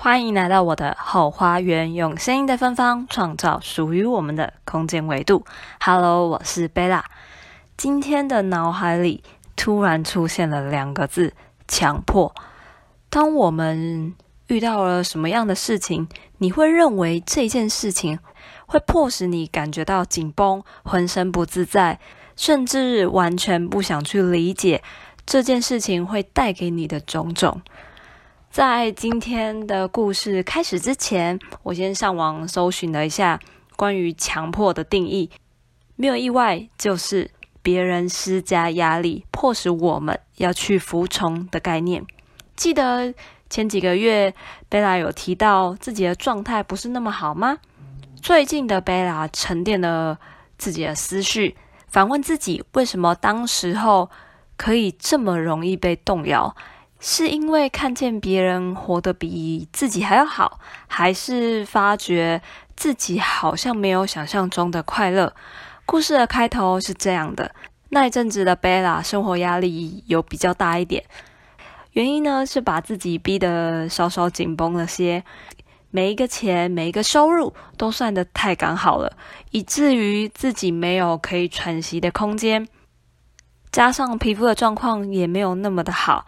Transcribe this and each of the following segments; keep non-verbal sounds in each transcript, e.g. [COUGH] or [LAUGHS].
歡迎來到我的後花園，用聲音的芬芳創造屬於我們的空間維度。Hello，我是貝拉。今天的腦海裡突然出現了兩個字：強迫。當我們遇到了什麼樣的事情，你會認為這件事情會迫使你感覺到緊繃、渾身不自在，甚至完全不想去理解這件事情會帶給你的種種？在今天的故事開始之前，我先上網搜尋了一下關於強迫的定義。沒有意外，就是別人施加壓力，迫使我們要去服從的概念。記得前幾個月貝拉有提到自己的狀態不是那麼好嗎？最近的貝拉沉澱了自己的思緒，反問自己為什麼當時候可以這麼容易被動搖。是因為看見別人活得比自己還要好，還是發覺自己好像沒有想象中的快樂？故事的開頭是這樣的：那一陣子的貝拉生活壓力有比較大一點，原因呢，是把自己逼得稍稍緊繃了些，每一個錢、每一個收入都算得太剛好了，以至於自己沒有可以喘息的空間，加上皮膚的狀況也沒有那麼的好。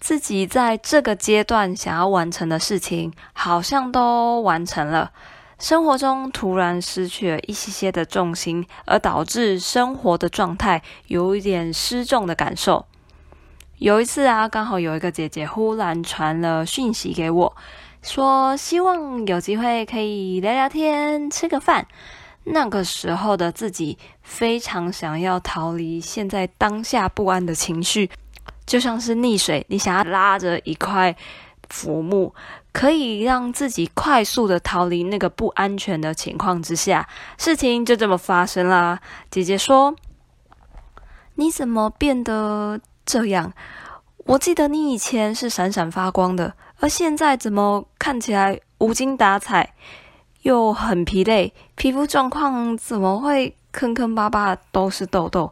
自己在這個階段想要完成的事情好像都完成了，生活中突然失去了一些些的重心，而導致生活的狀態有一點失重的感受。有一次啊，剛好有一個姐姐忽然傳了訊息給我，說希望有機會可以聊聊天，吃個飯。那個時候的自己非常想要逃離現在當下不安的情緒。就像是溺水，你想要拉着一塊浮木，可以讓自己快速的逃離那個不安全的情況之下。事情就這麼發生啦。姐姐說：“你怎麼變得這樣？我記得你以前是閃閃發光的，而現在怎麼看起來無精打采，又很疲累？皮膚狀況怎麼會坑坑巴巴，都是痘痘？”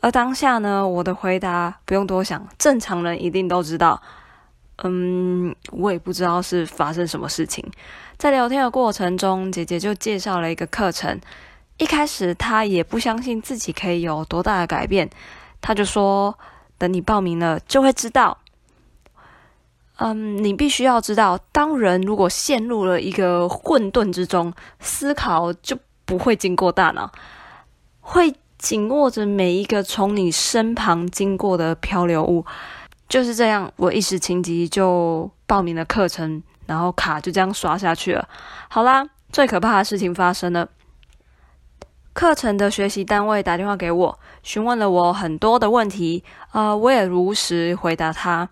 而當下呢，我的回答不用多想，正常人一定都知道。嗯，我也不知道是發生什麼事情。在聊天的過程中，姐姐就介紹了一個課程。一開始她也不相信自己可以有多大的改變，她就說：“等你報名了就會知道。”嗯，你必須要知道，當人如果陷入了一個混沌之中，思考就不會經過大腦，會。緊握着每一個從你身旁經過的漂流物，就是這樣。我一時情急就報名了課程，然後卡就這樣刷下去了。好啦，最可怕的事情發生了。課程的學習單位打電話給我，詢問了我很多的問題，啊、呃，我也如實回答他。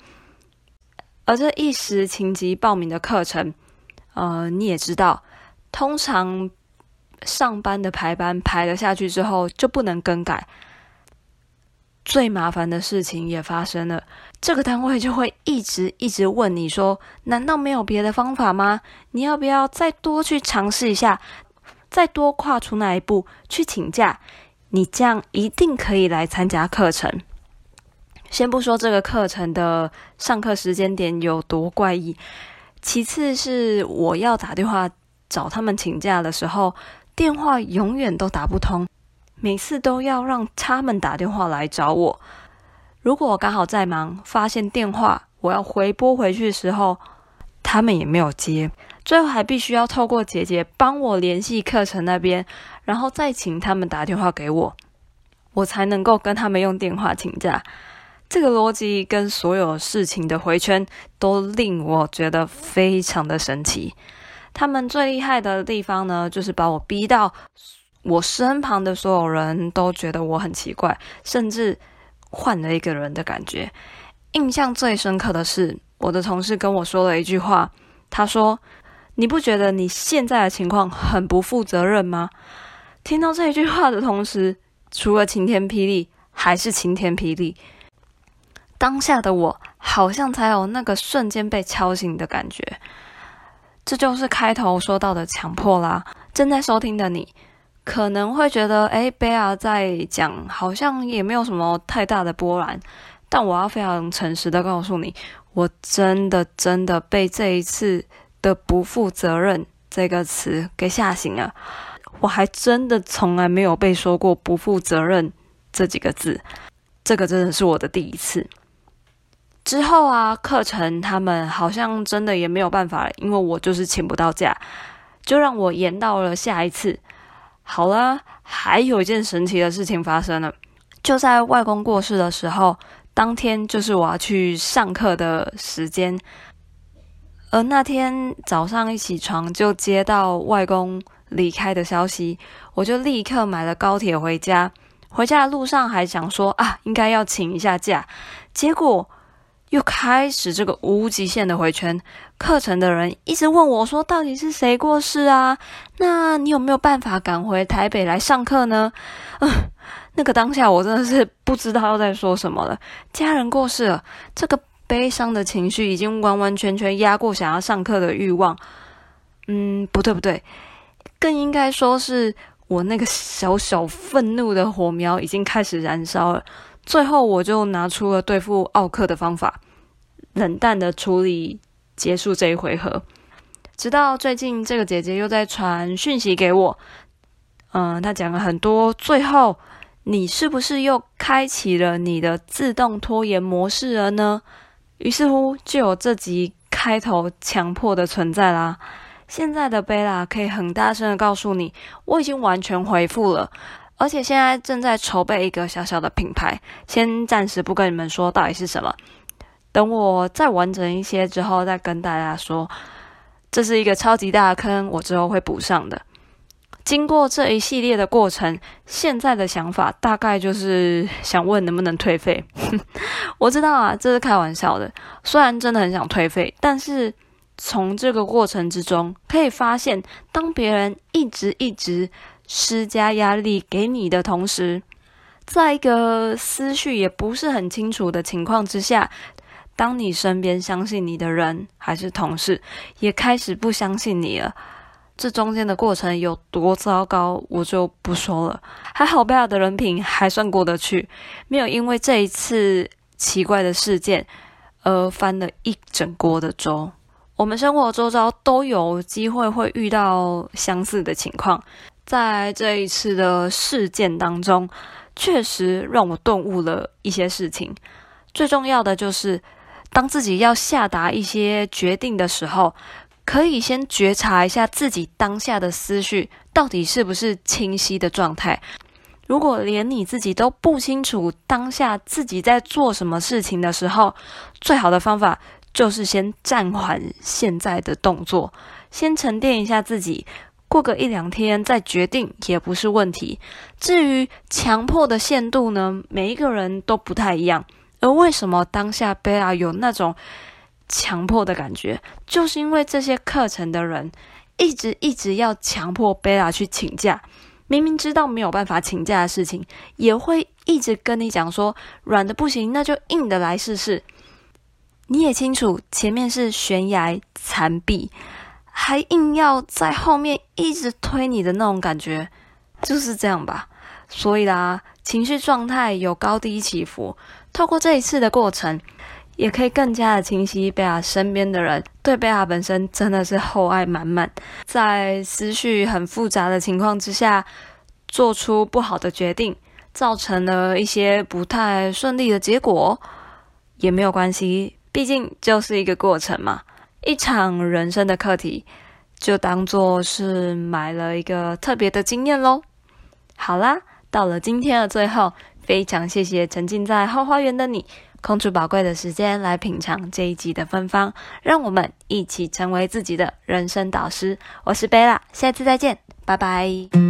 而這一時情急報名的課程，呃，你也知道，通常。上班的排班排了下去之後就不能更改，最麻煩的事情也發生了，這個單位就會一直一直問你說：“難道沒有別的方法嗎？你要不要再多去嘗試一下，再多跨出那一步去請假？你這樣一定可以來參加課程。”先不說這個課程的上課時間點有多怪異，其次是我要打電話找他們請假的時候。電話永遠都打不通，每次都要讓他們打電話來找我。如果我剛好在忙，發現電話我要回撥回去的時候，他們也沒有接。最後還必須要透過姐姐幫我聯繫課程那邊，然後再請他們打電話給我，我才能夠跟他們用電話請假。這個邏輯跟所有事情的回圈都令我覺得非常的神奇。他們最厲害的地方呢，就是把我逼到我身旁的所有人都覺得我很奇怪，甚至換了一個人的感覺。印象最深刻的是，我的同事跟我說了一句話，他說：“你不覺得你現在的情況很不負責任嗎？”聽到這一句話的同時，除了晴天霹靂，還是晴天霹靂。當下的我，好像才有那個瞬間被敲醒的感覺。這就是開頭說到的強迫啦。正在收聽的你，可能會覺得，哎，貝兒在講，好像也沒有什麼太大的波瀾。但我要非常誠實的告訴你，我真的真的被這一次的“不負責任”這個詞給嚇醒了。我還真的從來沒有被說過“不負責任”這幾個字，這個真的是我的第一次。之後啊，課程他們好像真的也沒有辦法了，因為我就是請不到假，就讓我延到了下一次。好了，還有一件神奇的事情發生了，就在外公過世的時候，當天就是我要去上課的時間，而那天早上一起床就接到外公離開的消息，我就立刻買了高鐵回家。回家的路上還想說啊，應該要請一下假，結果，又開始這個無極限的迴圈，課程的人一直問我說：“到底是誰過世啊？那你有沒有辦法趕回台北來上課呢？”嗯、呃，那個當下我真的是不知道在說什麼了。家人過世了，啊，這個悲傷的情緒已經完完全全壓過想要上課的慾望。嗯，不對不對，更應該說是我那個小小憤怒的火苗已經開始燃燒了。最後，我就拿出了對付奧客的方法，冷淡的處理，結束這一回合。直到最近，這個姐姐又在傳訊息給我，嗯，她講了很多。最後，你是不是又開啟了你的自動拖延模式了呢？於是乎，就有這集開頭強迫的存在啦。現在的貝拉可以很大聲的告訴你，我已經完全回復了。而且現在正在籌備一個小小的品牌，先暫時不跟你們說到底是什麼，等我再完整一些之後再跟大家說。這是一個超級大的坑，我之後會補上的。經過這一系列的過程，現在的想法大概就是想問能不能退費。 [LAUGHS] 我知道啊，這是開玩笑的。雖然真的很想退費，但是從這個過程之中可以發現，當別人一直一直。施加壓力給你的同時，在一個思緒也不是很清楚的情況之下，當你身邊相信你的人還是同事，也開始不相信你了，這中間的過程有多糟糕，我就不說了。還好貝拉的人品還算過得去，沒有因為這一次奇怪的事件，而翻了一整鍋的粥。我們生活周遭都有機會會遇到相似的情況。在這一次的事件當中，確實讓我頓悟了一些事情。最重要的就是，當自己要下達一些決定的時候，可以先覺察一下自己當下的思緒到底是不是清晰的狀態。如果連你自己都不清楚當下自己在做什麼事情的時候，最好的方法就是先暫緩現在的動作，先沉澱一下自己。過個一兩天再決定也不是問題。至於強迫的限度呢，每一個人都不太一樣。而為什麼當下貝拉有那種強迫的感覺，就是因為這些課程的人一直一直要強迫貝拉去請假，明明知道沒有辦法請假的事情，也會一直跟你講說軟的不行，那就硬的來試試。你也清楚，前面是懸崖殘壁。還硬要在後面一直推你的那種感覺，就是這樣吧。所以啦，情緒狀態有高低起伏。透過這一次的過程，也可以更加的清晰，貝兒身邊的人對貝兒本身真的是厚愛滿滿。在思緒很複雜的情況之下，做出不好的決定，造成了一些不太順利的結果，也沒有關係，畢竟就是一個過程嘛。一場人生的課題，就當作是買了一個特別的經驗嘍。好啦，到了今天的最後，非常謝謝沉浸在 Hoo 花園的你，空出寶貴的時間來品嘗這一集的芬芳，讓我們一起成為自己的人生導師。我是貝拉，下次再見，拜拜。